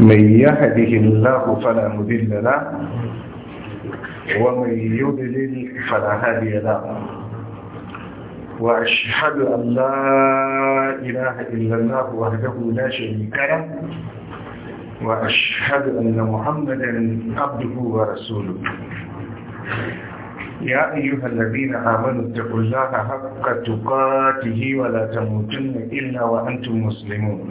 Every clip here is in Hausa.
من يهده الله فلا مذل له ومن يضلل فلا هادي له وأشهد أن لا إله إلا الله وحده لا شريك له وأشهد أن محمدا عبده ورسوله يا أيها الذين آمنوا اتقوا الله حق تقاته ولا تموتن إلا وأنتم مسلمون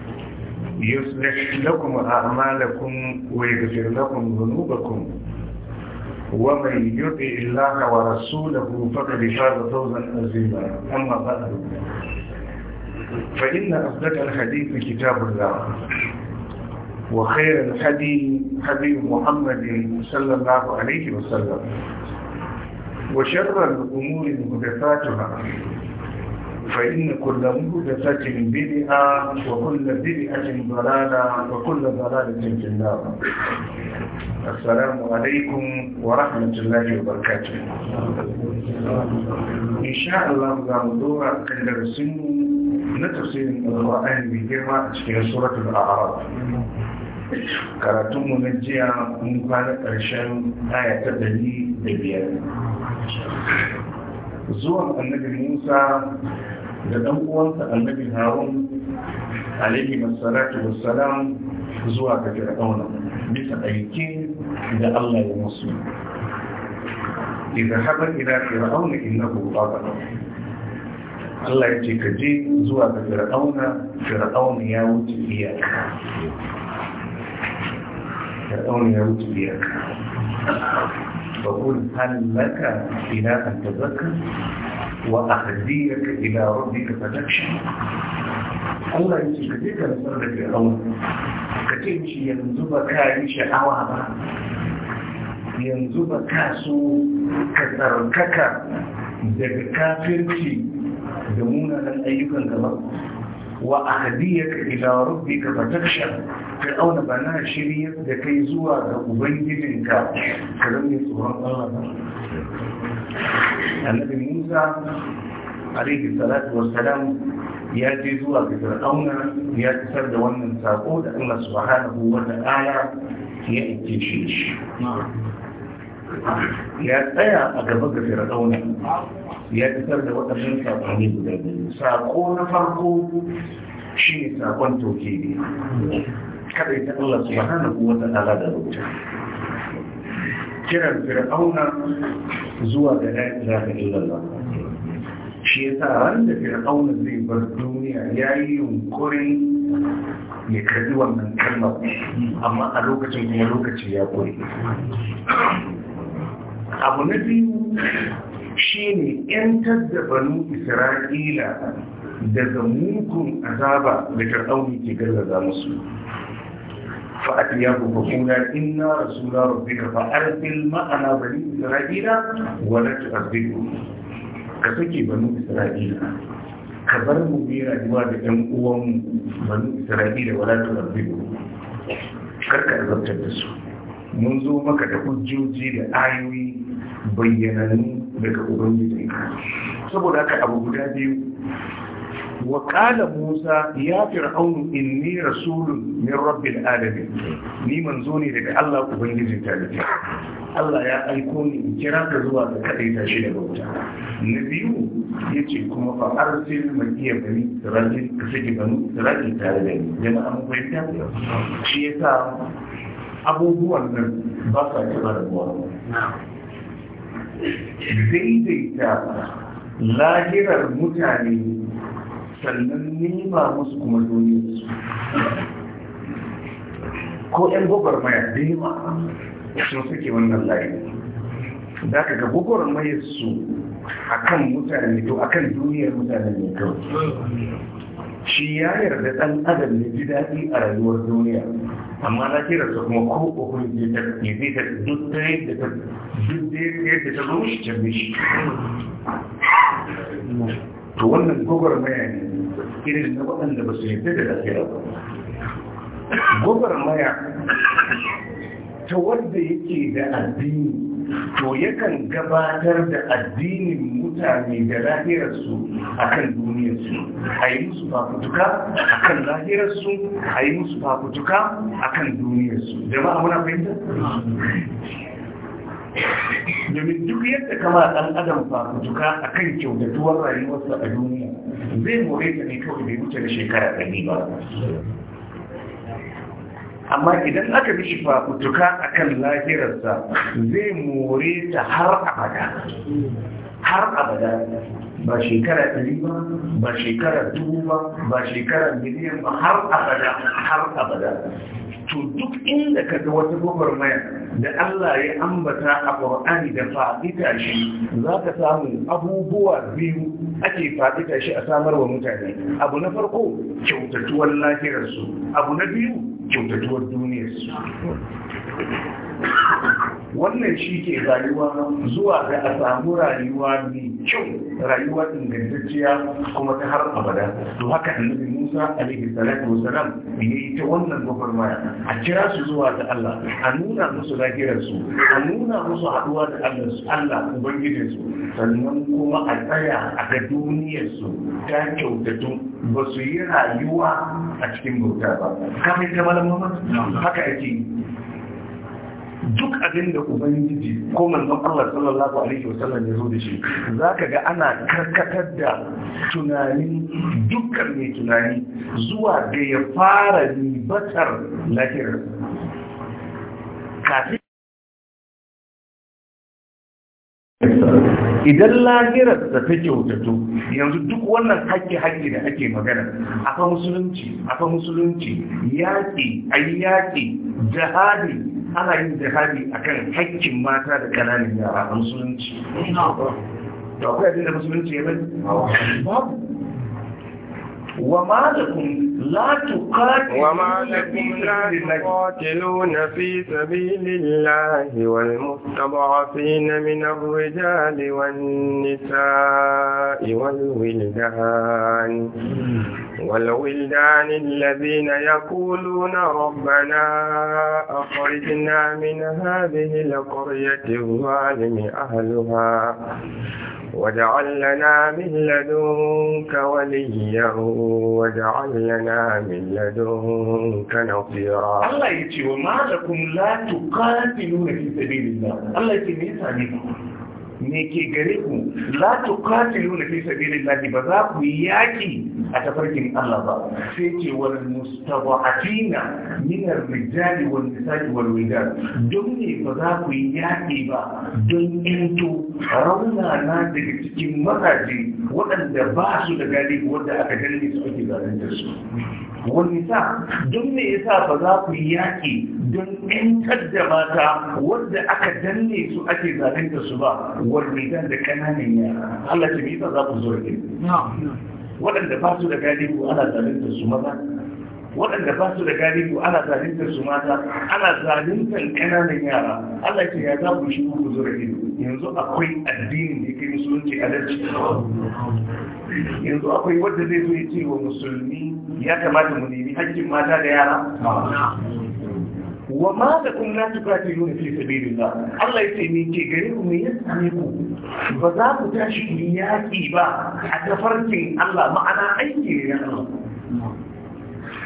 يصلح لكم أعمالكم ويغفر لكم ذنوبكم ومن يطع الله ورسوله فقد فاز فوزا عظيما أما بعد فإن أصدق الحديث كتاب الله وخير الحديث حديث محمد صلى الله عليه وسلم وشر الأمور مدفاتها فإن كل من بدعة وكل بدعة ضلالة وكل ضلالة في النار السلام عليكم ورحمة الله وبركاته إن شاء الله نمدور كان درسين نتفسير القرآن بجمع في سورة الأعراف karatunmu نجيا jiya mun kwana ƙarshen aya ta ɗari da biyar zuwan annabi musa da dan uwansa annabi harun alaihi wassalatu wassalam zuwa ga fir'auna bisa aiki da Allah ya musu idan haɓar ila fir'auna innahu qala Allah ya ce ka je zuwa ga fir'auna fir'auna ya wuce iyaka fir'auna ya wuce iyaka فقل هل لك إلى أن تذكر وأهديك إلى ربك فتخشى Allah yake ka je ka nasar da kai rawa ka ce mishi yanzu ba ka yi sha'awa ba yanzu ba ka so ka tsarkaka daga kafirci da munanan ayyukan gaba wa ahdiyaka ila rabbika fatakhsha fir'auna bana shiryar da kai zuwa ga ubangijinka ka zama tsoron Allah ba annabi musa alaihi salatu wassalam ya je zuwa ga fir'auna ya isar da wannan sako da Allah subhanahu wa ta'ala ya aike shi ya tsaya a gaba ga fir'auna ya isar da waɗannan sakonni guda biyu sako na farko shi ne sakon toke ne kada ita Allah subhanahu wa ta'ala da rubuta kiran fir'auna zuwa ga la ilaha illallah shi yasa wanda fir'auna zai bar duniya ya yi yunkurin ya karbi wannan kalmar amma a lokacin kuma lokaci ya kuri abu na biyu shi ne ‘yantar da banu isra'ila daga mugun azaba da fir'auni ke gargaza musu فأتياه فقولا إنا رسول ربك فأرسل معنا بني إسرائيل ولا تؤذبهم كسكي بنو إسرائيل كبر مبيرا جواد أن أوام بنو إسرائيل ولا تؤذبهم karka أذبت da منذ ما zo maka da بيّنني لك أبنجي bayyanannu سبو لك أبو haka abu وقال موسى يا فرعون اني رسول من رب العالمين ني منزوني لك الله ubangiji talaka Allah ya aiko ni kira ka zuwa ga kadai ta shi da bauta nabiyu yace kuma fa arsil man iya bani rabbi ka saki bani rabbi ta da ni dan an koyi ta shi yasa abubuwan nan ba sa kira da ruwa na'am zai dai ta lahirar mutane sannan nema musu kuma duniya su ko ‘yan gobar maya nema sun suke wannan layi da ka ga gobar maya su a kan mutane to a kan duniyar mutane ne kawai shi ya yarda ɗan adam ne ji daɗi a rayuwar duniya amma na kira su kuma ko uku ne zai ta duk da ta duk ɗaya da ta zo shi can shi to wannan gwagwarmaya ne irin na waɗanda ba su yadda da lafiya ba maya ta wadda yake da addini to yakan gabatar da addinin mutane da lahirarsu a kan duniyarsu a yi musu fafutuka a kan lahirarsu a yi musu fafutuka a kan duniyarsu jama'a muna fahimta? domin duk yadda kama ɗan adam fafutuka a kan kyautatuwar rayuwarsa a duniya zai more ta ne kawai bai wuce da shekara ɗari ba amma idan aka bi shi fafutuka a kan lahirarsa zai more ta har abada har abada ba shekara ɗari ba ba shekara dubu ba ba shekara miliyan ba har abada har abada to duk inda ka ga wata gwagwarmaya da Allah ya ambata a ƙwar'ani da fa'ita shi za ka samu abubuwa biyu ake faɗi shi a samar wa mutane abu na farko kyautatuwar lafiyarsu abu na biyu kyautatuwar duniyarsu wannan shi ke rayuwa zuwa ga a samu rayuwa mai kyau rayuwa ingantacciya kuma ta har abada to haka annabi musa alaihi salatu wasalam ya yi ta wannan gwagwarmaya a kira su zuwa ga allah a nuna musu lafiyarsu a nuna musu haɗuwa da allah allah ubangijinsu sannan kuma a tsaya a ga su ta kyautatu ba su yi rayuwa a cikin bauta ba kafin ta malamman haka ake duk abin da ubangiji ko manzon Allah sallallahu alaihi wa sallam ya zo da shi zaka ga ana karkatar da tunanin dukkan mai tunani zuwa ga ya fara libatar lahirar kafin idan lahirar da ta kyautato yanzu duk wannan hakki hakki da ake magana afa musulunci afa musulunci yaƙi ayyaki jihadi ana yin jihadi a kan haƙƙin mata da ƙananan yara a musulunci to akwai abin da musulunci ya bai? babu وما لكم لا تقاتلون وما لكم لا تقاتلون في سبيل الله والمستضعفين من الرجال والنساء والولدان والولدان الذين يقولون ربنا أخرجنا من هذه القرية الظالم أهلها واجعل لنا من لدنك وليا واجعل لنا من لدنك نصيرا الله يتي وما لكم لا تقاتلون في سبيل الله الله يتي ميسا me ke gare ku la nuna fi lati ba za ku yi yaki a tafarkin Allah ba sai ce wal a min ar-rijali wani misali wani wildan don ne ba za ku yi yaki ba don into rauna na daga cikin mazaje waɗanda ba su da gari wanda aka gani su ake zalunta su wani sa don me yasa ba za ku yi yaƙi don 'yantar da mata wadda aka danne su ake zalunta su ba والرجال لكنان الله تبيتا ذا بزرقين waɗanda ba su da galibu ana zalintar su maza waɗanda ba su da galibu ana zalunta su mata ana zalintar ƙananan yara Allah ce ya za ku shi ku zura ido yanzu akwai addinin da yake musulunci a dace yanzu akwai wanda zai zo ya ce wa musulmi ya kamata mu nemi haƙƙin mata da yara wa ma da kunna su kwa ke yi fi sabiri Allah ya ce ni ke gare me ya same ku ba za ku tashi ku yaƙi ba a tafarkin Allah ma'ana aiki ne ya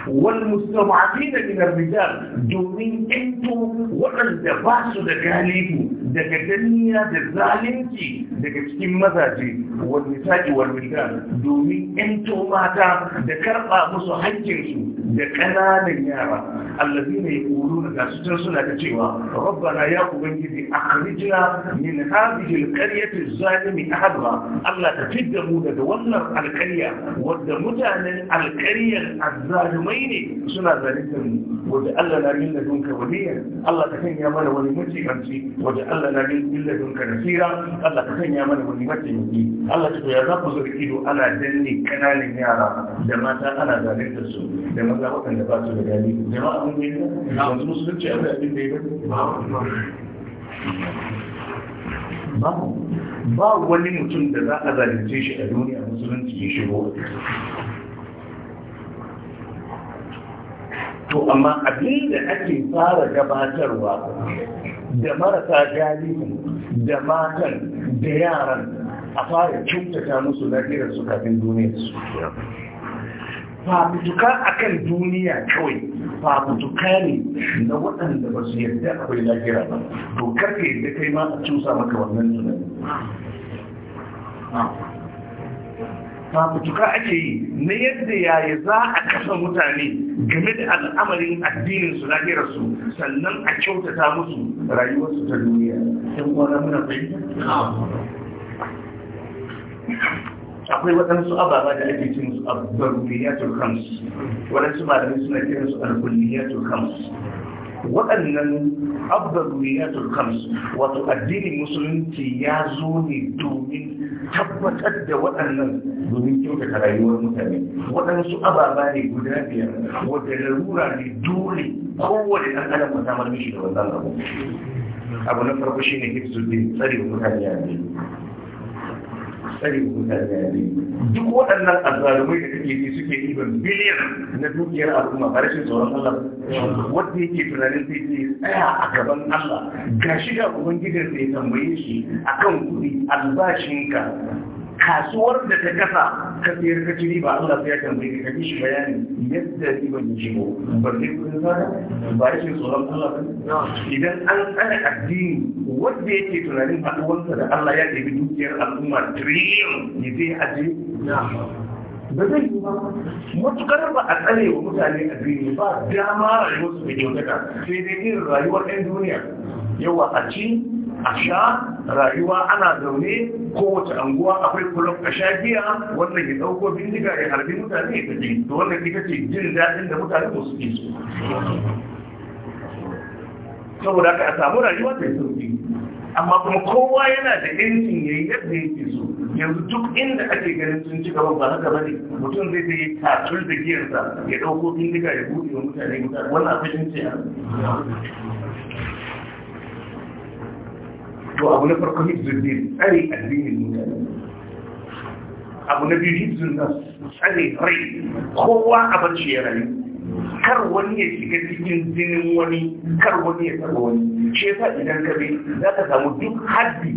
wal mustama'atin min ar-rijal domin into waɗanda ba su da galibu daga danniya da zalunci daga cikin mazaje wal nisa'i wal rijal domin into mata da karɓa musu hakkin su da ƙananan yara allazi ne kuru da gasu suna da cewa rabbana ya ubangiji akhrijna min hadhihi alqaryati zalimi ahadha Allah ka fidda mu daga wannan alƙarya wadda mutanen alƙaryar azzalumai ne suna zalunta mu wadda Allah na min ladunka waliya Allah ta sanya mana wani mutunci wadda Allah na min ladunka nasira Allah ta sanya mana wani mutunci Allah ka ya za ku zurki ido ana danne ƙananan yara da mata ana zalunta su da taimaka waɗanda ba su da gani jama'a mun yi yanzu musulunci a zaɓin da ya ba ba wani mutum da za a zalunce shi a duniya musulunci ya shigo to amma abin da ake fara gabatarwa da marasa galibin da matan da yaran a fara kyautata musu lafiyarsu kafin duniya duniyarsu fafutuka akan duniya kawai fafutuka ne na waɗanda ba su yadda akwai lahira ba to karka yadda kai ma a cusa maka wannan tunani fafutuka ake yi na yadda yaya za a kasa mutane game da al'amarin addinin su sannan a kyautata musu rayuwarsu ta duniya akwai waɗansu ababa da ake cin su abbaruliyatul khams waɗansu malamai suna kiran su alkulliyatul khams waɗannan abbaruliyatul khams wato addinin musulunci ya zo ne domin tabbatar da waɗannan domin kyautata rayuwar mutane waɗansu ababa ne guda biyar wadda larura ne dole kowane ɗan adam a samar mishi da wannan abu abu na farko shine hifzuddin tsare mutane a tsare ne duk waɗannan azzalumai da kake yi suke ɗiban biliyan na dukiyar al'umma a rashin tsoron Allah wanda yake tunanin sai ke tsaya a gaban Allah gashi ga ubangijin sai tambaye shi akan kuɗi albashinka kasuwar da ta kasa ka sayar ka ciri ba Allah sai ya tambaye ka kafi shi bayani yadda riba ya shigo ba zai kudin zaka ba ya ce tsoron Allah ba idan an tsara addini wanda yake tunanin haɗuwarsa da Allah ya ɗebi dukiyar al'umma trillion ya zai aje ba zai yi ba matukar ba a tsare wa mutane addini ba dama rayuwarsu da kyautata sai dai irin rayuwar ɗan duniya yawa a ci a sha rayuwa ana zaune kowace anguwa akwai kulob a sha giya wannan ya dauko bindiga ya harbi mutane ya tafi to wannan ita ce jin daɗin da mutane ba su ke so saboda ka samu rayuwa ta sauki amma kuma kowa yana da yancin yayi yadda yake so yanzu duk inda ake ganin sun ci gaba ba haka bane mutum zai yi tatul da giyarsa ya dauko bindiga ya buɗe wa mutane mutane wannan abin ce to abu na farko hibzun din tsare addinin mutane abu na biyu hibzun na tsare rai kowa a barci ya rayu kar wani ya shiga cikin jinin wani kar wani ya tsaro wani ce yasa idan ka bi za ka samu duk haddi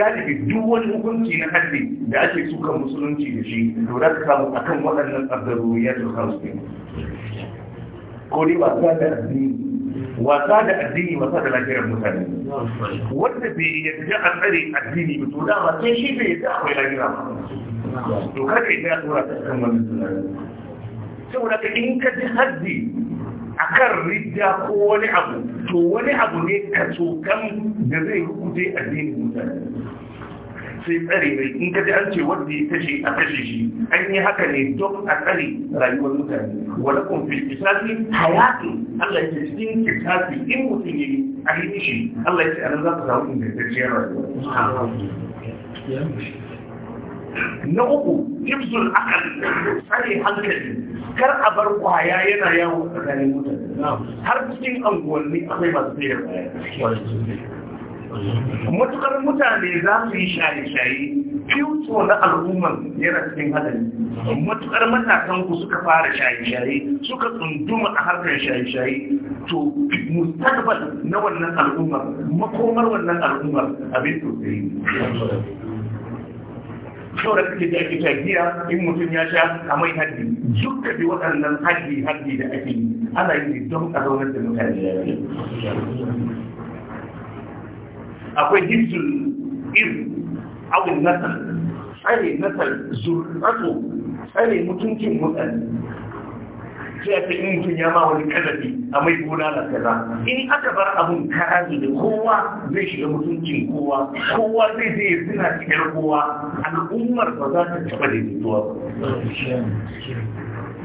galibi duk wani hukunci na haddi da ake sukan musulunci da shi to za ka samu akan waɗannan tsardaruriyar da kansu ko dai ba ta da addini wasa da addini wasa da lafiyar mutane wanda bai yadda a tsare addini ba to dama sai shi bai yadda akwai lafiya ba to kada ya tsora ta kan wannan tunani saboda ka in ka ji haddi kan ridda ko wani abu to wani abu ne ka tsokan da zai hukunce addinin mutane sai tsare mai in ka ji an ce wanda ya kashe a kashe shi an yi haka ne don a tsare rayuwar mutane wani kun fi kisafi hayatun Allah ya ce cikin kisafi in mutum ya yi a yi shi, Allah ya ce a nan za ka samu ingantacciyar rayuwa. na uku hibzul akal tsare hankali kar a bar kwaya yana yawo tsakanin mutane har cikin anguwanni akwai masu tsayar kwaya matukar mutane za su yi shaye-shaye fito na al'umman yana cikin hadari matukar matakan ku suka fara shaye-shaye suka tsunduma a harkar shaye-shaye to mustaqbal na wannan al'ummar makomar wannan al'ummar abin sosai shaurar kake da ake tafiya in mutum ya sha a mai haddi duk da bi waɗannan haddi haddi da ake yi ana yi don a zaunar da mutane akwai hisul iz abin nasar tsare nasar zurrato tsare mutuncin mutane sai a cikin mutum ya ma wani kazafi a mai gona na kaza in aka bar abun karazi da kowa zai shiga mutuncin kowa kowa zai zai suna cikin kowa al'ummar ba za ta taɓa da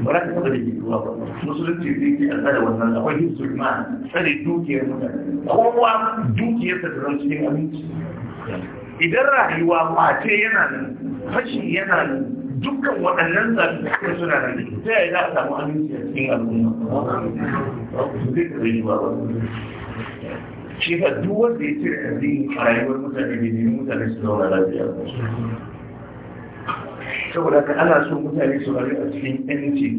ba za ka taɓa da jituwa ba musulunci zai ke a tsare wannan akwai yin sulma tsare dukiyar mutane kowa dukiyar ta zama cikin aminci idan rayuwa mace yana nan fashi yana nan dukkan waɗannan zaɓi suna nan ta yaya za a samu aminci a cikin al'umma zai taɓa yiwuwa ba shi ka duk wanda ya ce da addini rayuwar mutane da ne mutane su zauna lafiya saboda ka ana so mutane su rayu a cikin yanci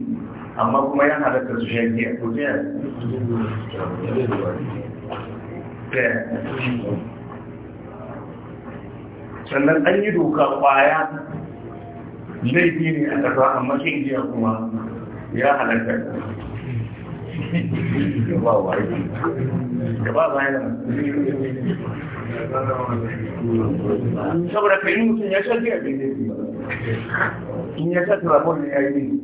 amma kuma ya halatta su shafiya sannan an yi doka kwaya laifi ne a ƙasa amma shi jiya kuma ya halatta saboda kai mutum ya in ya tattara mun ya yi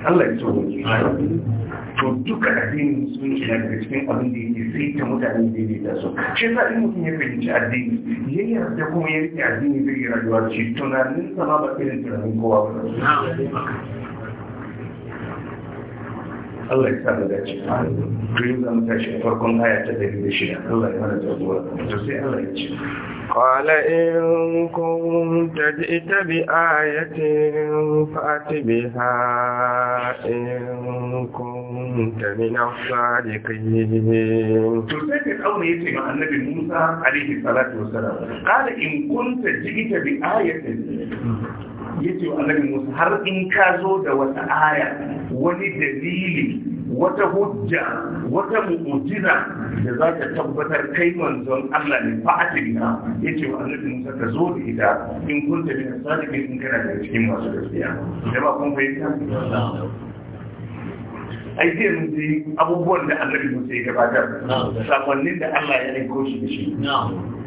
Allah ya tsoro to duka addini sun ke daga cikin abin da yake sai ta mutane da yake da su shi yasa in mutum ya fahimci addini ya yarda kuma ya rike addini zai yi rayuwa ce tunanin sama ba irin tunanin kowa ba Allah ya sa da dace to da zama tashi farkon aya ta dari da shi Allah ya mana jagora to sai Allah ya ce قال إن كنت جئت بآية فأت بها إن كنت من الصادقين تسيك الأول يتي النبي موسى عليه الصلاة والسلام قال إن كنت جئت بآية ya ce wa annabi musa har in ka zo da wata aya wani dalili wata hujja wata mu'ujiza da za ta tabbatar kai manzon Allah ne fa atina ya ce wa annabi musa ka zo da ita in kunta min sadiqin in kana da cikin masu gaskiya ba kun fahimta ai zai mun ji abubuwan da Allah ya gabatar sakonnin da Allah ya aiko shi da shi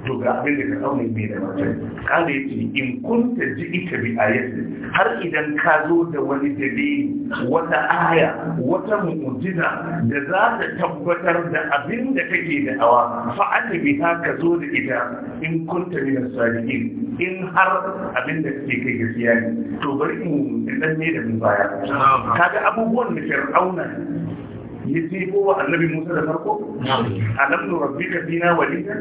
to ga abin da ka kaune mai da mutum kada yace in kunta ji'ita bi yasi har idan ka zo da wani dalili wata aya wata mu'jiza da za ta tabbatar da abin da kake da awa fa aka bi ka zo da ita in kunta min salihin in har abin da kake kai gaskiya ne to bari in dan ne da mu baya kaga abubuwan da fir'auna yi sifo annabi musa da farko alam nu rabbika fina walida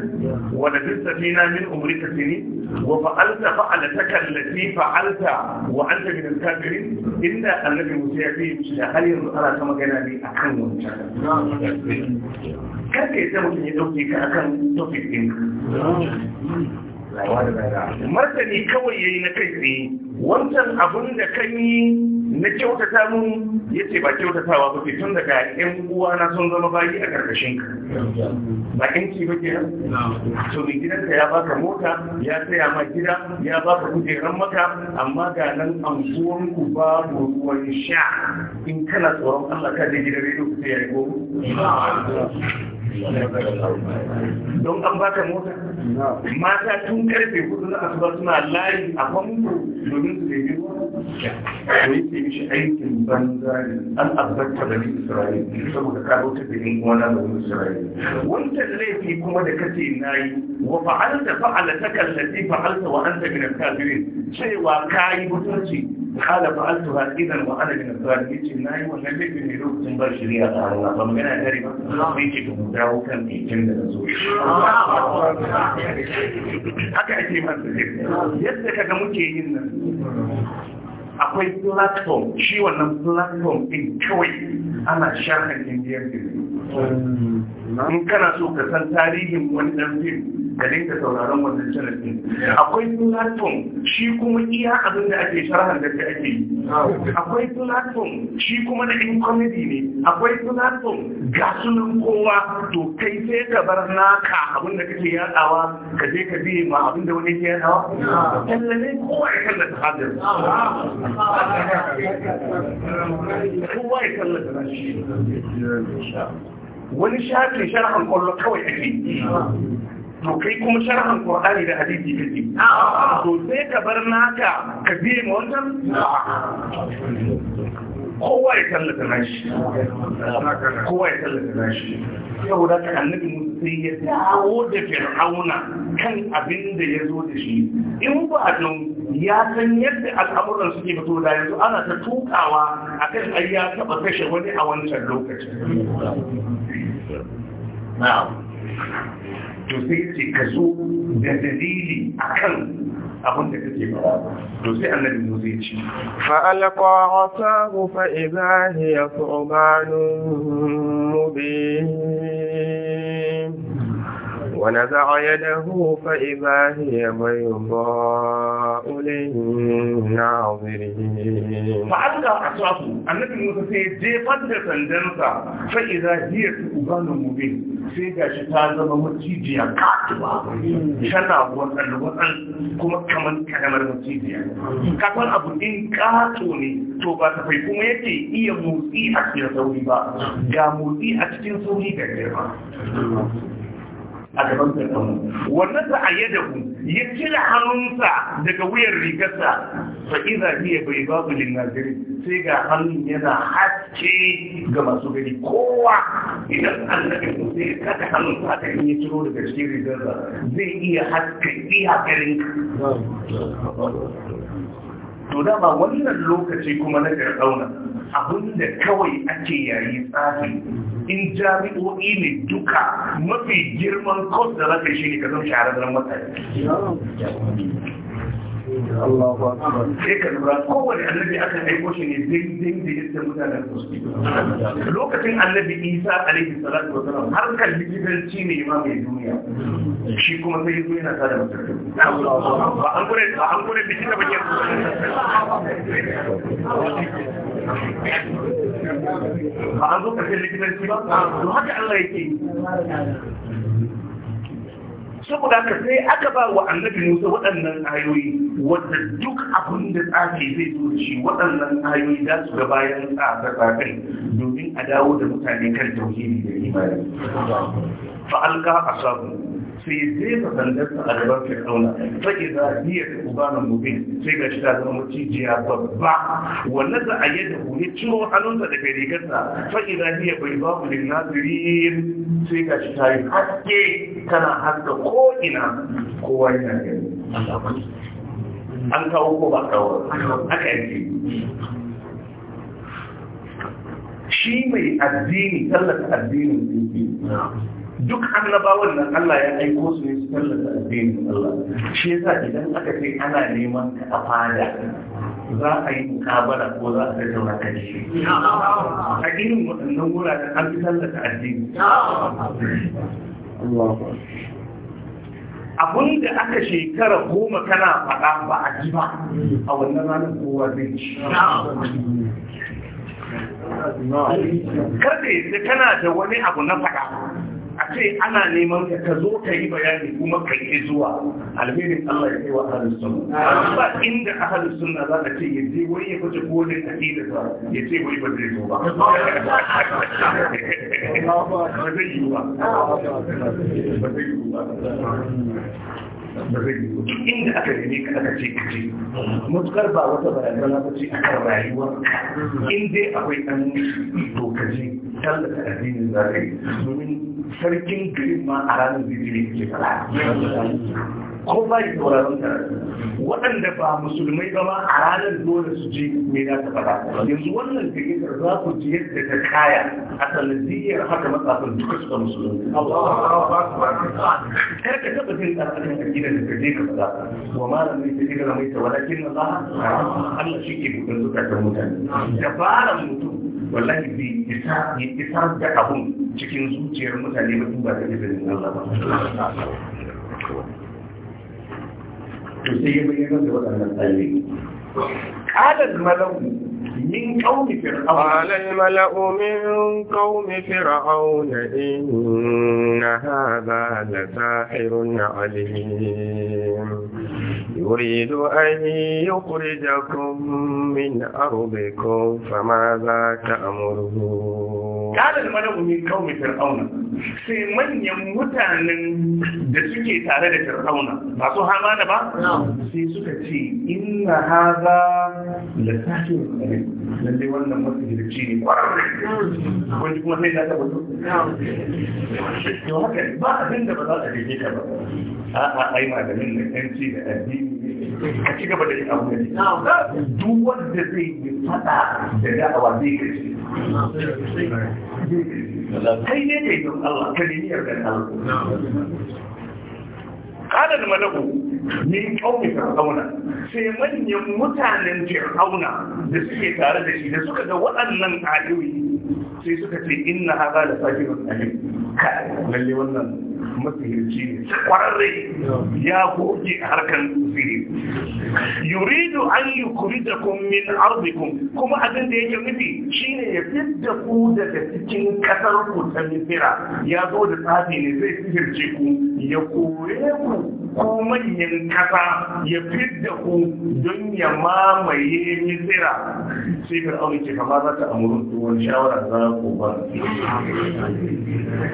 wa labista fina min umrika sini wa fa'alta fa'alataka allati fa'alta wa anta min al-kafirin inda annabi musa ya fi da har yanzu ana ta magana ne akan wancan ya mutum ya dauke ka akan topic din martani kawai yayi na kai tsaye wancan abun da kan na kyautata mun ya ba kyautatawa ba ke tun daga yan uwa na sun zama bayi a ƙarƙashin ka ba yanki ba ke to mai gidanka ya baka mota ya saya ma gida ya baka kujeran maka amma ga nan amsuwan ku ba ruwan sha in kana tsoron Allah ka je gidan rediyo ku ya yi don an baka mota mata tun karfe hudu na asuba suna layi a famfo domin yanzu yi aikin banza ne an abbata saboda wanda laifi kuma da kace na yi wa fa'alta fa'alta kallati fa'alta wa anta min al-kafirin cewa yi mutunci kala fa'altu ha idan wa ana min al-zalimin ce na yi nan laifin ne lokacin bar shari'a a Allah ba magana da riba ba. ce to dawo kan titin da zo haka ake masa yadda kaga muke yin nan akwai platform shi wannan platform din kawai ana shafin indiyan film mm. in kana so ka san tarihin wani dan ka dinka sauraron wannan channel akwai platform shi kuma iya abin da ake sharhan da ake yi akwai platform shi kuma na in comedy ne akwai platform ga sunan kowa to kai sai ka bar naka abin da kake yadawa ka je ka biye ma abin da wani ke yadawa tallalle kowa ya kallata hadir kowa ya kallata shi wani shafin sharhan kwallo kawai ake to kai kuma sharhan Qur'ani da hadisi ne ah, ah, ah. to sai ka bar naka ka biye ma wannan kowa ya tallata nashi kowa ya tallata nashi saboda ka annabi musu ya dawo da fir'auna kan abin da ya zo da shi in ba don ya san yadda al'amuran suke fito da yanzu ana ta tukawa akan ai ya taba kashe wani a wancan lokacin to sai ce ka zo da dalili kan abin da kake fara to sai annabi Musa ya ce fa alqa asahu fa idha hiya thuban mubin ونزع يده فإذا هي بيضاء للناظرين فألقى عصاه النبي موسى سيجي قد سندنسا فإذا هي تقبان مبين سيدا شتازا ومتيجيا كاتبا شتا وطن وطن كما كمان كلمة متيجيا كمان أبو إن كاتوني توبا تفاي كميتي إيا موسي أكتين سوري با جا موسي أكتر سوري كتر a gaban kanmu wannan sa ayyadahu ya cire hannunsa daga wuyar rigarsa fa biya bai babu lin nazirin sai ga hannun yana haske ga masu gani kowa idan annabi sai ya kada hannunsa haka in ya ciro daga cikin rigarsa zai iya haske iya garin to ba wannan lokaci kuma na garɗauna abinda kawai ake yayi tsafi in jami'o'i ne duka mafi girman kos da zaka shi ne ka zama shahararren mutane sai ka lura kowane annabi aka aiko shi ne daidai da yadda mutanen su lokacin annabi isa alaihi salatu wa salam har kan likitanci ne ma mai duniya shi kuma sai yazo yana tada mutum ba an kure ba an kure biki da bakin ba an zo kashin likitanci ba to haka Allah yake saboda ka sai aka ba wa annabi Musa waɗannan ayoyi wadda duk abin da tsafi zai zo da shi waɗannan ayoyi za su ga bayan tsafe-tsafen domin a dawo da mutane kan tauhidi da imani fa alka asabu sai jefa sandarsa a gaban fir'auna sai za a iya da ubanan mubin sai ga shi ta zama macijiya babba wannan za a yadda ya ciro hannunsa daga rigarsa sai za iya bai ba mu lin nazirin sai ga shi yi haske tana haska ko'ina kowa yana gani an kawo ko ba kawo haka yake shi mai addini tallata addinin dinki duk annabawan nan Allah ya aiko su ne su tallata addinin Allah shi yasa idan aka ce ana neman ka a fada za a yi mukabala ko za a tattauna ka shi a irin waɗannan wuraren an fi tallata addini abun da aka shekara goma kana faɗa ba a ji ba a wannan ranar kowa zai ci karfe da kana da wani abu na faɗa a ce ana neman ka ka zo ka yi bayani kuma ka ke zuwa alherin Allah ya kai wa ahalus sunna ba inda ahalus sunna za ka ce ya je wai ya fice ko da aqida sa ya ce wai ba zai zo ba ba zai yi ba ba zai yi ba ba zai yi duk inda aka nemi ka aka ce ka kaje mutukar ba wata barazana ba ce akan rayuwa in dai akwai ɗan to kaje tallata addinin za ka yi domin sarkin garin ma a ranar zai ke fara ko ba yi tsoron waɗanda ba musulmai ba ma a ranar dole su ji me na ta faɗa yanzu wannan fikirar za ku ji yadda ta kaya a sanadiyyar haka matsafin duka suka musulmi kar ka taɓa jin tsarkakan a gidan da ka je ka faɗa wa malamin da ke gana mai tawalakin na ba Allah shi ke bukan ta mutane dabaran mutum wallahi bai isa ya isa da abun cikin zuciyar mutane ba ba da izinin Allah ba to sai ya bayyana da waɗannan ayoyi قال الملأ من قوم فرعون قال الملأ من قوم فرعون إن هذا لساحر عليم يريد أن يخرجكم من أرضكم فماذا تأمره قال الملأ من قوم فرعون sai manyan mutanen da suke tare da fir'auna ba su hamana ba sai suka ce inna haza la sahir lalle wannan masjidci ne kwararre kuma sai na taba to haka ba abin da ba za a dake ka ba a'a ai malamin nan yanci da addini ka ci gaba da yin abu ne duk wanda zai yi fada da da'awa zai gaji kai ne kai don Allah ka nemi da Allah kada da madabu ne kauye fir'auna sai manyan mutanen fir'auna da suke tare da shi da suka ga waɗannan ayoyi sai suka ce inna haza da sake masu alim lalle wannan masihirci ne kwararre ya goge a harkar sihiri yuridu an yi kurijakun min arzikun kuma abin da yake nufi shine ya da ku daga cikin kasar ku ta misira ya zo da tsafi ne zai sihirce ku ya kore ku ko manyan kasa ya fidda ku don ya mamaye misira sai fir'auni ce kama za ta amurin tuwon shawara za uba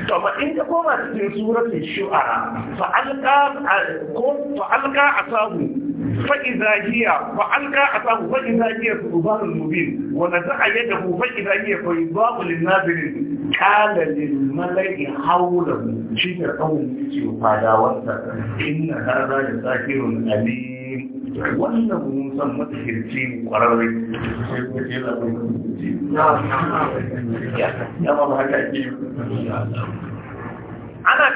to ba in ka koma cikin suratul shu'ara fa alqa ko fa alqa asabu fa idza hiya fa alqa asabu fa idza hiya subhan mubin wa nada'a yadahu fa idza hiya fa yudabu lin nadirin qala lil malai hawlahu shi ne kawai ce fadawarsa inna hadha la zakirun alim wannan mun san matakirci ne kwararre sai ce ana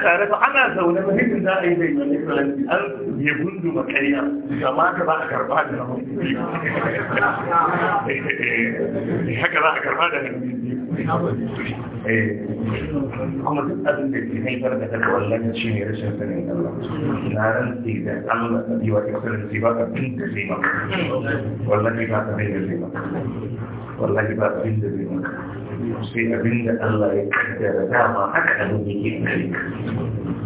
tare da ana zaune muhimmin za a yi bai mai kalanci an ya gundu makariya da mata za a karba da ramon haka za a karba da ramon kuma duk abin da ke haifar da daga wannan shi ne rashin sanin Allah na rantsi da Allah da biwa ta kasance ba ka bin da zai maka wannan ne ba ka bin da zai maka wallahi ba abin da zai maka sai abin da Allah ya da dama haka abin da ke kare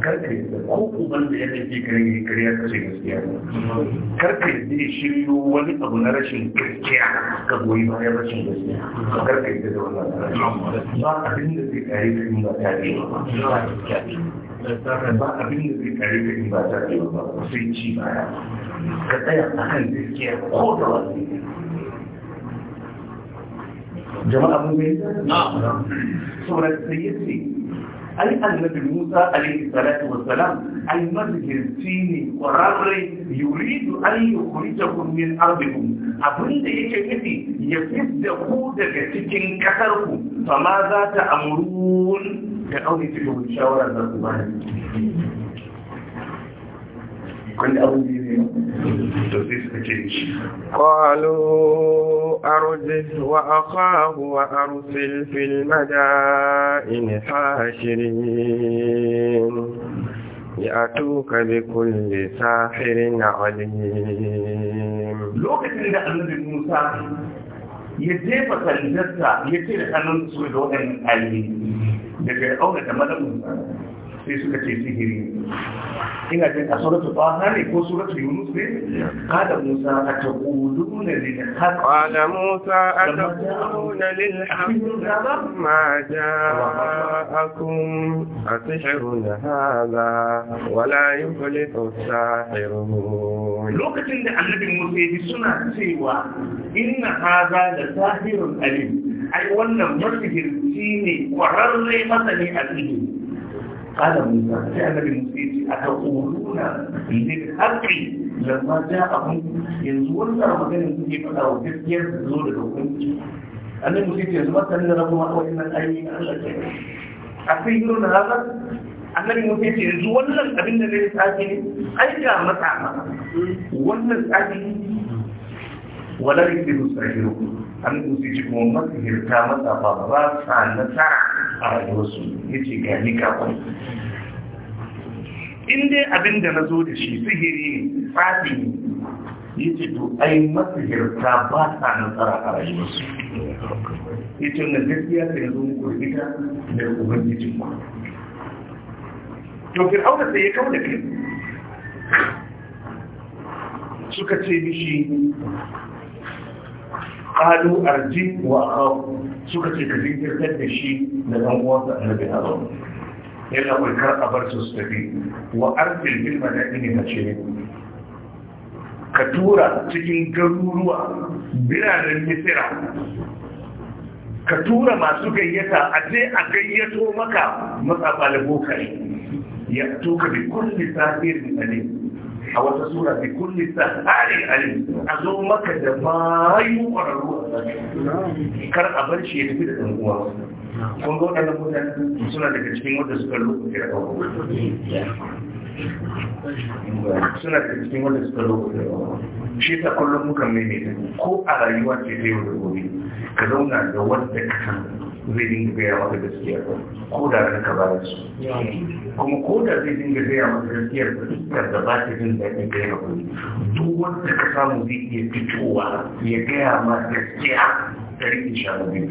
karka yi da ko uban da ya tafi kare ne kare ya kace gaskiya karka yi da shiryo wani abu na rashin gaskiya ka goyi bayan rashin gaskiya karka yi da wannan ba abin da zai kare ka in ba ta kare ba ba abin da zai kare ka in ba ta ba sai ci baya ka tsaya akan gaskiya ko da wani jama'a mun bai ai annabi musa alaihi salatu wassalam ai mazgirci ne kwararre yuridu an yukhrijakum min ardikum abinda yake nufi ya fidda ku daga cikin kasar ku fa ma za ta amurun da kauri cikin shawara da ku قالوا أرجه وأخاه وأرسل في المدائن حاشرين يأتوك بكل ساحر عليم لوكتين ده أنزل موسى يجيب سلسلسة يجيب أنزل سويدون أليم لكي أولد مدى موسى sai suka ce sihiri ina jin a taha ne ko yunus ne kada musa a taquluna lil haqq qala musa a taquluna lil haqq ma ja'akum hadha yuflihu as-sahirun lokacin da annabi musa ya suna cewa inna hadha la sahirun alim ai wannan masihirci ne kwararre masani a cikin قال موسى فعل بالمسيس أتقولون للحق لما جاءهم ينزول لنا مكان يجي فلا وكثير زول الحكم أن المسيس يزمت أن ربما وإن الأي أخيرون هذا annabi mun ce yanzu wannan abin da zai sake ne ai ga matsa wannan tsaki wala yake musahiru an musu ci kuma masahirta matsafa ba sa nasara a rayuwarsu ya ce ga ni dai abin da na zo da shi sihiri ne tsafi ne ya ce to ai masahirta ba sa nasara a rayuwarsu ya ta yanzu muku da ita da ubangijin ku to fir'auna sai ya kawo suka ce mishi Kalu, arji wa akhahu suka ce ka jinkirtar da shi da dan uwansa annabi Harun yana kai kar a bar su su tafi wa arfil bil madaini ce ka tura cikin garuruwa biranen misira ka tura masu gayyata a je a gayyato maka matsafalin bokai ya tuka bi kulli sahirin alim a wata sura bi kulli sahari alim a zo maka da bayu kwararru a sani kar a bar shi ya tafi da dan uwa kun ga waɗannan mutane suna daga cikin wanda suka lokaci da kawo suna daga cikin wanda suka lokuta shi ta kullum muka maimaita ko a rayuwa ce ta yau da gobe ka zauna da wanda ka san zai dinga gaya maka gaskiyar ko da ka ka bayan su kuma ko da zai dinga gaya maka gaskiyar ka dukkan da ba ta jin daɗin gaya maka duk wanda ka samu zai iya fitowa ya gaya ma gaskiya ɗari in sha biyu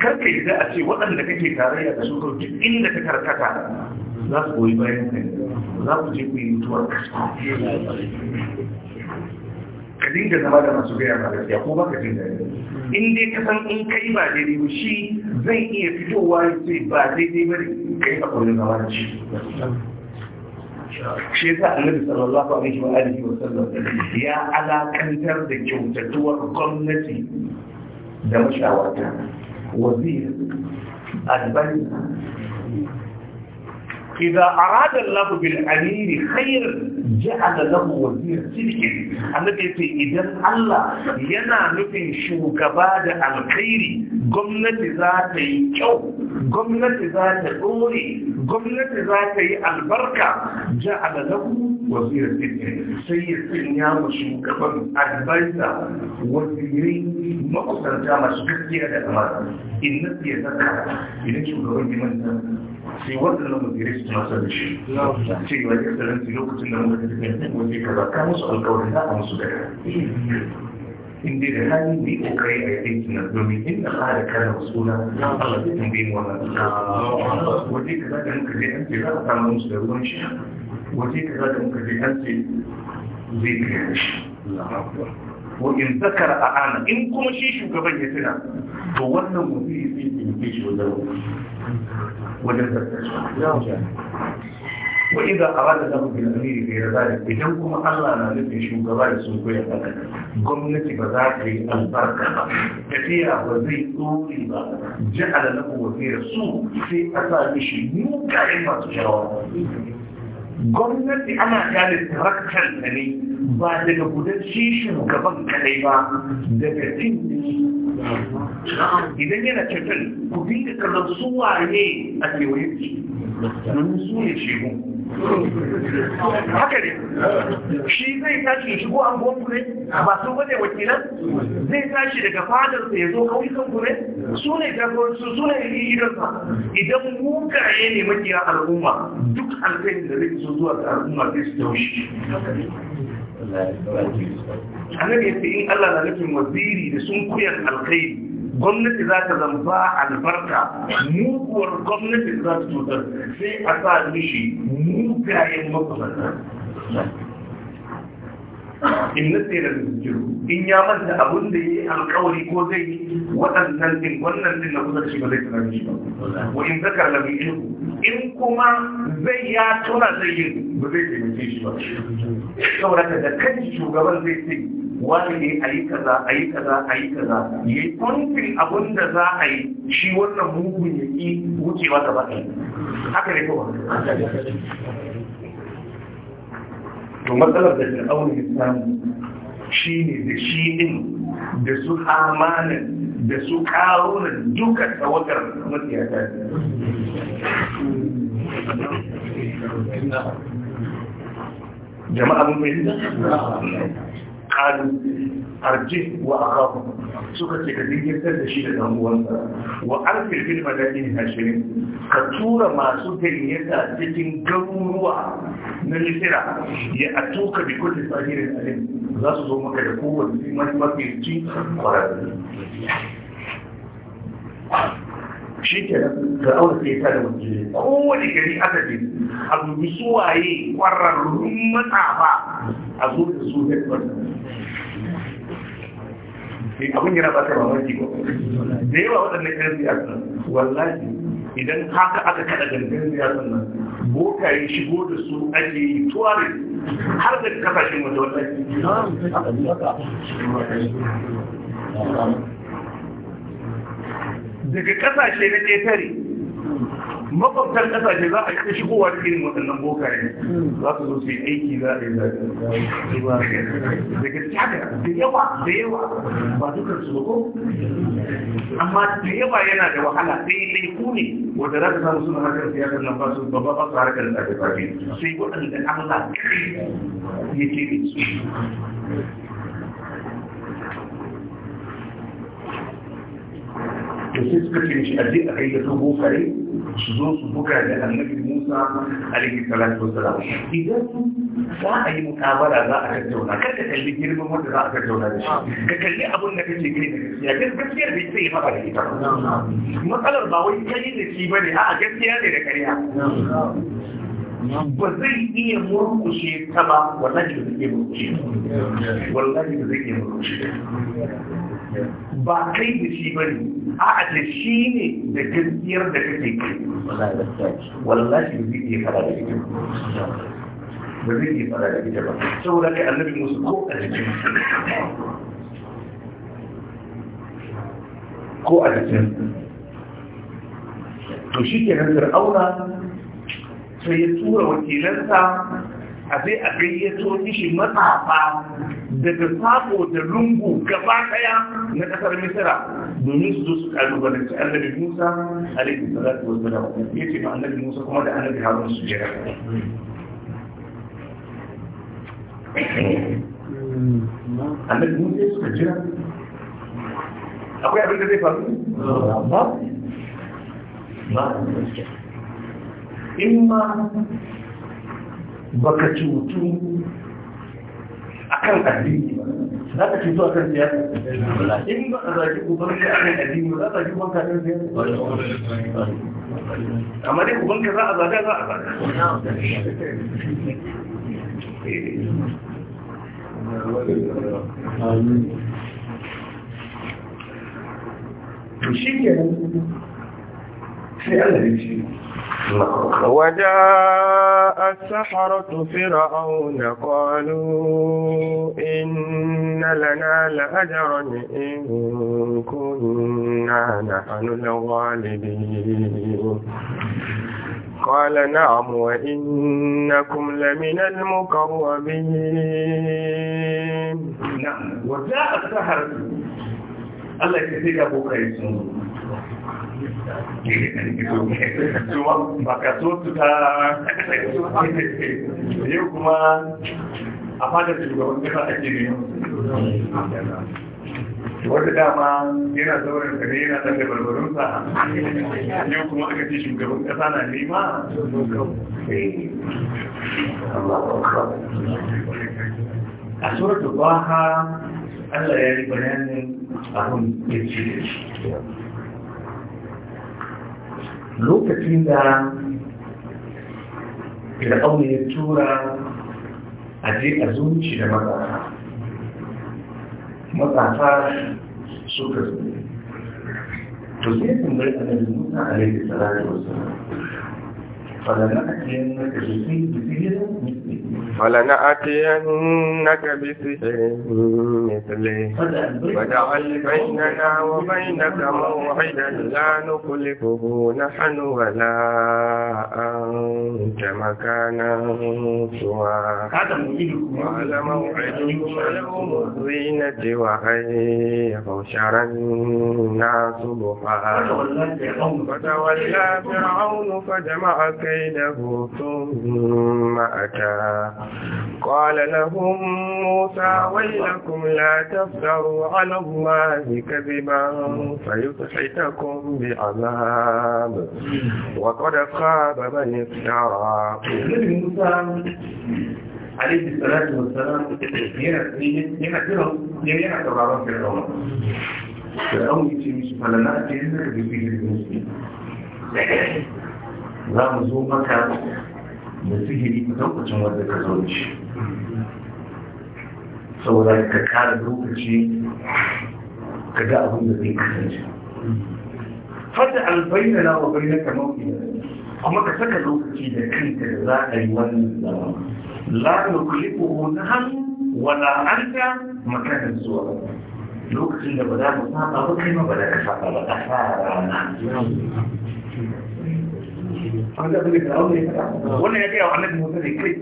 karka yi za a ce waɗanda kake tarayya da su duk inda ka karkata za su goyi bayan kai za ku je ku yi mutuwar kasa ka dinga zama da masu gaya ma gaskiya ko ba ka jin daɗi in dai ka san in kai ba daidai ba shi zai iya fitowa ya ce ba daidai ba ne kai a kwanin zama da shi shi yasa annabi sallallahu alaihi wa alihi wa sallam ya alakantar da kyautatuwar gwamnati da mashawarta wazir albani إذا أراد الله بالأمير خير جعل له وزير سلك النبي في إذن الله ينا نفين شوكباد الخير قمنا ذات يكو قمنا ذات أمري قمنا ذات البركة جعل له وزير سلك سيد سنيام شوكباد البيضة وزيرين مقصر جامع شكتير إن نسي ذكر إن شوكباد من sai waɗannan mazirai su masa da shi ce wa ya tsaranci lokacin da muka tafi yankin waje ka zaka musu alkawarin za a musu daga in da hali ne ko kai a yankin nan domin in da fara kare suna Allah zai tambayi wannan waje ka zaka muka je an ce za a musu da ruwan shi ka zai kare wa zakar a ana in kuma shi shugaban ya tuna to wannan mutum ya zai taimake shi wajen wajen zartarsa wa idan a rada da mafi alheri bai rada da idan kuma allah na nufin shugaba da sun koya haka gwamnati ba za ta yi albarka ba tafiya ba zai tsori ba jihar na kuma su sai a sa mishi mugayen masu shawara gwamnati ana gane taraktar ta ne ba daga kudanci shugaban kadai ba daga tim idan yana cikin ku dinga kallon suwaye a kewayen su domin su ne shigo haka ne shi zai tashi shigo an gonku ne ba su wane wakilan zai tashi daga fadarsa ya zo kauyukan ku ne su ne jagoransu su ne idansa idan mugaye ne makiya al'umma duk alfahim da zai so zuwa ga al'umma zai su taushi annabi ya ce in Allah na nufin waziri da sun kuyan alkhairi gwamnati za ta zamba albarka muguwar gwamnati za ta cutar sai a sa mishi mugayen makamata in na tsere da jiru in ya manta abin da ya yi alkawari ko zai waɗannan din wannan din na kusa da shi ba zai tunar shi ba wa in zaka da mai in kuma zai ya tuna zai yi ba zai taimake shi ba saboda da kan shugaban zai wani ne a yi kaza a yi kaza a yi kaza ya yi kwanfin abin da za a yi shi wannan mugun ya ƙi wucewa gaba ɗaya haka ne kowa to matsalar da fir'aun ya samu shi ne da shi ɗin da su hamanin da su ƙarunan duka tawagar matiyata jama'a mun fahimta kalu arji wa akahu suka ce ka jirgin da shi da dan uwansa wa an firfil madadin hashirin ka tura masu gayyata cikin garuruwa na misira ya a bi kulli sahirin alim za su zo maka da kowace mafi mafi ci kwararri shi ke da aure sai ta da wajen kowane gari aka je a dubi suwaye kwararrun matsafa a zo da su da eh, abin yana ba ta mamaki ba da yawa waɗannan ƴan siyasa wallahi idan haka aka kada gangan siyasan nan bokaye shigo da su ake yi tuwari har da kasashen waje wallahi daga kasashe na ƙetare makwabtar kasashe za a yi shigowa da irin waɗannan bokaye za su zo su yi aiki za a yi zaɓi da gaskiya da yawa da yawa ba dukkan su ko amma da yawa yana da wahala sai laifu ne wanda za su samu suna harkar siyasar nan ba su babba ba su harkar da ta sai waɗanda Allah ya ke su da sai suka ce shi aje a kai da tubo kare su zo su buga da annabi Musa alaihi salatu wassalam idan su za a yi mukabara za a tattauna kada ka kalli girman wanda za a tattauna da shi ka kalli abin da kake kai da gaskiya gaskiya da sai maka da ita matsalar ba wai kai da shi bane a'a gaskiya ne da karya. ba zai iya murkushe ta ba wallahi ba zai iya murkushe wallahi zai iya murkushe باقی بشی بری عاد شینی ده گزیر ده کتیکی والله شي بیدی فلا ده کتیکی بیدی فلا ده کتیکی سو لکی النبی موسکو ده کتیکی کو ده کتیکی تو شی که هنسر اولا سیتور و تیلنسا a sai a gayyato mishi matsafa daga sako da lungu gaba daya na kasar misira domin su zo su kalubalanci annabi musa alaihi salatu wa salam ya ce annabi musa kuma da annabi harun su jira annabi musa ya suka jira akwai abin da zai faru ba ba baka cutu akan addini za ka cutu akan siyasa in ba a zaki ubanka akan addini za ka ban banka akan siyasa amma dai ubanka za a zaga za a zaga وجاء السحرة فرعون قالوا إن لنا لأجرا إن كنا نحن الغالبين قال نعم وإنكم لمن المقربين نعم وجاء السحرة الله يكفيك أبو ba ka so ta yau kuma a fadar shugaban kasa ake ne wata dama yana saurin kare yana ɗan da barbarunsa yau kuma aka ce shugaban ƙasa na nema a ba baha Allah ya yi bayanin abin da ce da shi lokacin da fir'auna ya tura a je a zuci da matasa su suka zuci to sai sun bari annabi musa alaihi da wasu فلنأتينك بسحر مثله وجعل بيننا وبينك موعدا لا نخلفه نحن ولا أنت مكانا سواه قال موعدكم يوم الزينة وأن يحشر الناس ضحى فتولى فرعون فجمع كيده كيده ثم أتى قال لهم موسى ويلكم لا تفتروا على الله كذبا فيضحككم بعذاب وقد خاب من افترى da bibi za mu zo maka da sihiri a kucin wanda ka zo da shi saboda ka kara lokaci ka ga abin da zai kasance fata albaina na wa bayyana ka kuma ka saka lokaci da kanta da za a yi wannan zama la na hannu wala ka makanan zuwa lokacin da ba za mu saba ba kai ma ba da ka saba ba a fara rana wannan ya gaya wa annabi musa ne kai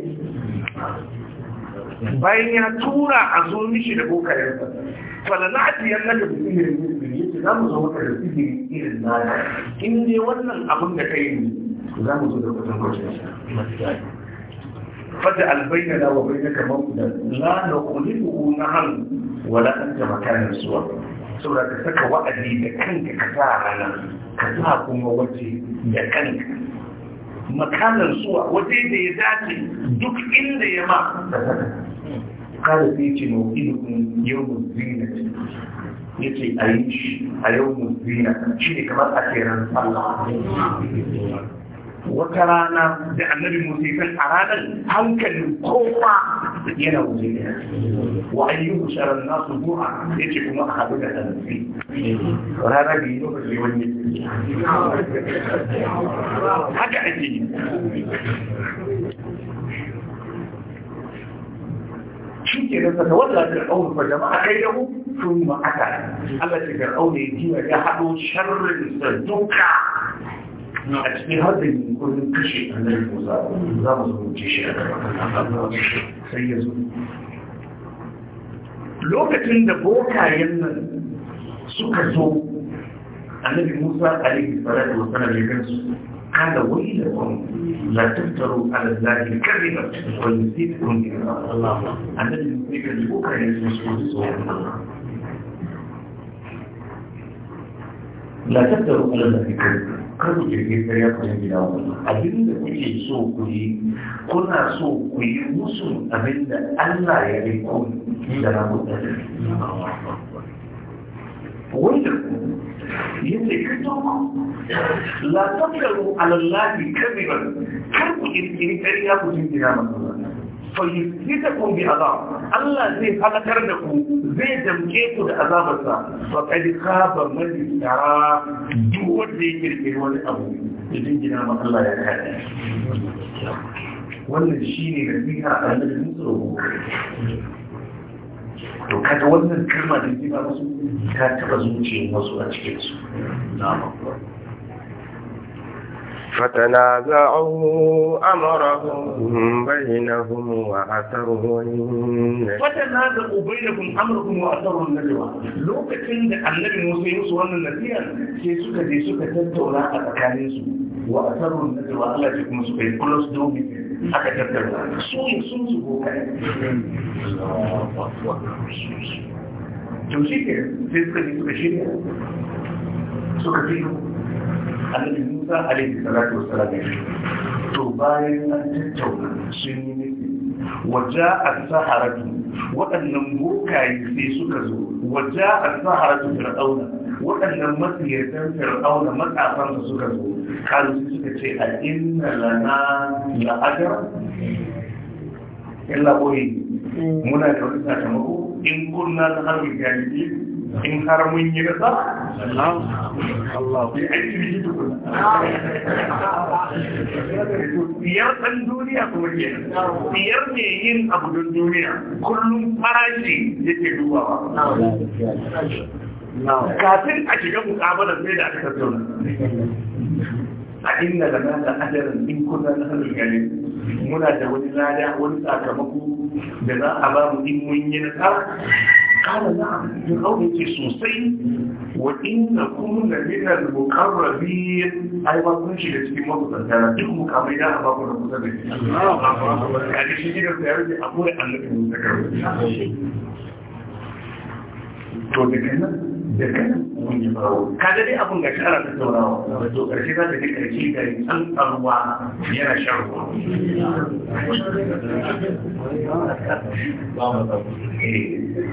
bayan ya tura a zo mishi da kokarinsa falalati yan naka da sihirin musulmi yake za mu zo maka da sihirin irin naka in ne wannan abin da ka yi ne za mu zo da kusan kwacin fada albaina da wa baina kamar da la na kulifu na hannu wala an ta makarar suwa saboda ka saka wa'adi da kanka ka sa a rana ka sa kuma wace da kanka makanan suwa waje da ya dace duk inda ya ma kada sai ce na ilmin yau zina ya ce a yi shi a yau zina shi ne kamar a tseren sallah wata rana da annabi musulman a ranar hankalin kowa yana wuce ne wa ayyuhu sharar nasu buha ya ce kuma a haɗu da tarihi rana da yi lokaci wani haka ake yi shi ke da sata wanda fir'aun fa jama'a kai da mu sun ma'aka Allah ce fir'aun ya jiwa ya haɗo sharrin sa duka a cikin haɗin gudun kashe annabi musa za mu shi a sai lokacin da bokayen nan suka zo annabi musa alaihi salatu wa salam ya gansu قال da لا تفتروا على الله كذبا ويزيدكم الى الله الذي يمسك البكر يسمع la tattaru alal da kike kar ku jirgin ƙarya ku yi gida wani abin da kuke so ku yi kuna so ku yi musu abin da Allah ya yi ku da na ku da wanda ya ce kito la tattaru alal da kike kar ku jirgin ƙarya ku yi gida wani طيب لتكون بأذار الله زي فلا ترنكو زي جمجيتو لأذار بسا وقعد خابر من الإسعار جوال زي كريكي ولي أبو يجين جنام الله يكاد والنشيني لديها أهل المصر to kada wannan kalma da ke ba su ta taba zuciyar wasu a cikin su na makwai فتنازعوا أمرهم بينهم وأثروا فتنازعوا بينهم أمرهم وأثروا النجوى لو كان النبي موسى يوسف النبي سيسوك سيسوك تتولى أتكاليسو وأثروا النجوى الله يكون سوكي كلوس دومي aka tattauna su ne sun zubo kai to shi ke sai suka ji suka shirya suka fito a lalibin Musa alaihi salatu wassalam to bayan an tattauna sun yi nufi waja a saharatu waɗannan bokaye sai suka zo waja a saharatu fir'auna waɗannan masiyatan fir'auna matsafan da suka zo kalu suka ce a inna lana la'adar illa boye mm. muna da wani sakamako in kunna ta harbi jami'i in har mun yi nasa biyar ɗan duniya kuma ke biyar ne yin abu don duniya kullum farashi yake dubawa kafin a shiga mukabalar sai da aka tattauna a inda da nan da ajarin in kuna na sanin gani muna da wani lada wani sakamako da za a ba mu in mun yi nasara قال نعم فرعون خصوصي وإن وإنكم من المقربين أيضا كنش يجي موضوع ثلاثكم كاملين أباب الرسول يعني شيء كده سيارة أقول أنك مذكر to da kana da kana mun yi faro kaga dai abun da kara ta taurawa to karshe za ta ji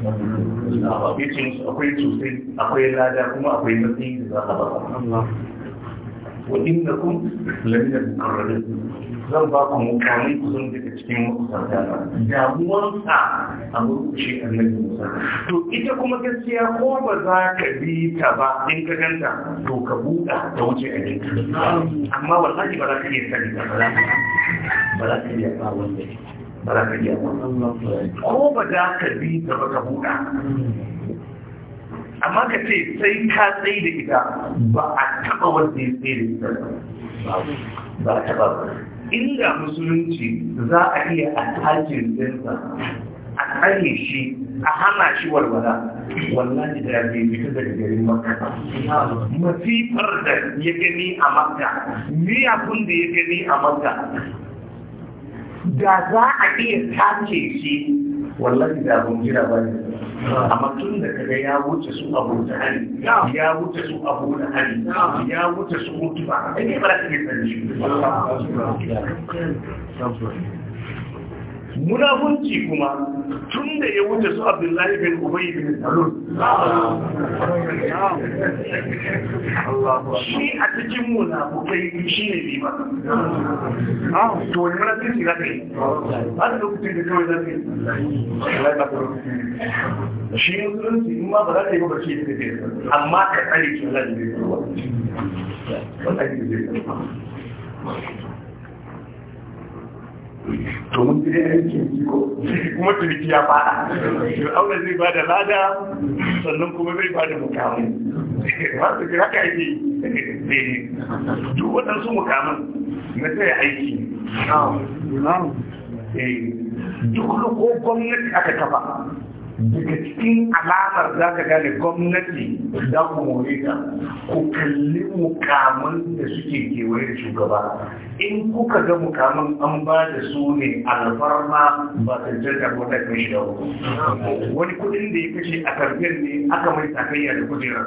yace akwai sosai akwai lada kuma akwai matsayi da za a ba wa inda kun da mukarrarin zan ba ku mukamin kusan sun daga cikin makusanta na damuwansa a murkushe annabi musa to ita kuma gaskiya ko ba za ka bi ta ba in ka ganta to ka buɗa ta wuce a yanka amma wallahi ba za ka iya sani ba ba za ka iya ba wanda ba za ka iya ko ba za ka bi da ba ka buɗa amma ka ce sai ka tsaye da ita ba a taɓa wanda ya tsaye da ita ba a taɓa ba inda musulunci za a iya a tajin dinsa a tsare shi a hana shi walwala wannan da bai fita daga garin makka masifar da ya gani a makka miyakun da ya gani a makka da za a iya sace shi wallahi da abun jira ba ne amma tun da kaga ya wuce su abu da hali ya wuce su abu da hali ya wuce su mutuwa ai ne ba za ka iya tsanci munafunci kuma tun da ya wuce su abdullahi bin ubayi bin salon shi a cikin munafukai shi ne liba to wani munafunci za ka yi a da lokacin da kawai zafi shi yi zurunci in ma ba za ka yi ba shi ne amma ka tsare shi ne da to mun ji aikin ko kuma turki ya fada fir'auna zai ba da lada sannan kuma zai ba da mukamu ba su haka yake ne to waɗansu mukamin na tsaye aiki eh, duk ko gwamnati aka kafa daga cikin alamar za ka gane gwamnati da kuma ta ku kalli mukamin da suke kewaye da shugaba in kuka ga mukamin an ba da su ne alfarma ba ta jirgin wata kai shi wani kudin da ya kashe a karfiyar ne aka mai takayya da kujerar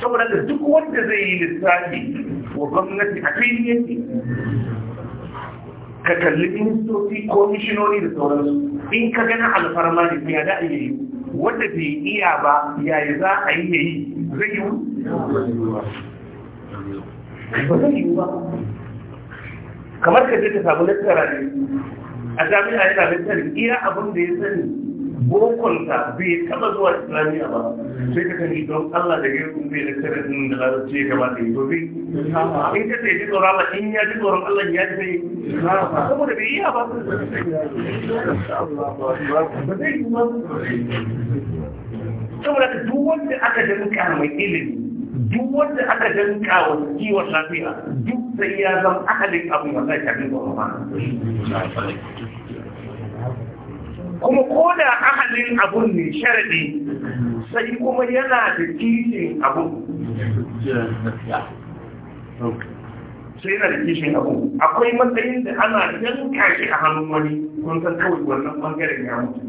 saboda da duk wanda zai yi lissafi wa gwamnati a fili yake ka kalli ministoci ko mishinoni da sauransu in ka gana alfarma ne ya da a yi wanda bai iya ba yayi za a yi yayi zai yi ba zai yi ba kamar ka je ka samu lattara ne a jami'a yana lattara iya abin da ya sani bokonta bai taba zuwa islamiyya ba sai ka don allah da girkin bai da tarihin da larabci ya gabata yi dobi in ka sai ji tsoron allah in ya ji tsoron allah ya ji sai saboda bai iya ba yi saboda ka duk wanda aka danka mai ilimi duk wanda aka danka wa kiwon lafiya duk sai ya zama akalin abin wannan kafin ba ma kuma ko da ahalin abun ne sharadi sai kuma yana da kishin abun sai yana da kishin abun akwai matsayin da ana yanka shi a hannun wani kun san kawai wannan bangaren ya mutu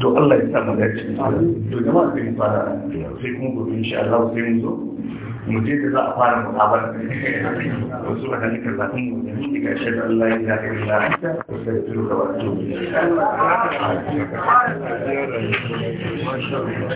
to Allah ya sa mu dace to jama'a sai mu fara sai kuma gobe insha Allah sai mu zo مديت ذا أفعال المتعبات وصولك عليك الرحيم ومديك أشهد أن لا إله إلا أنت وستجدلك وأتوب إليك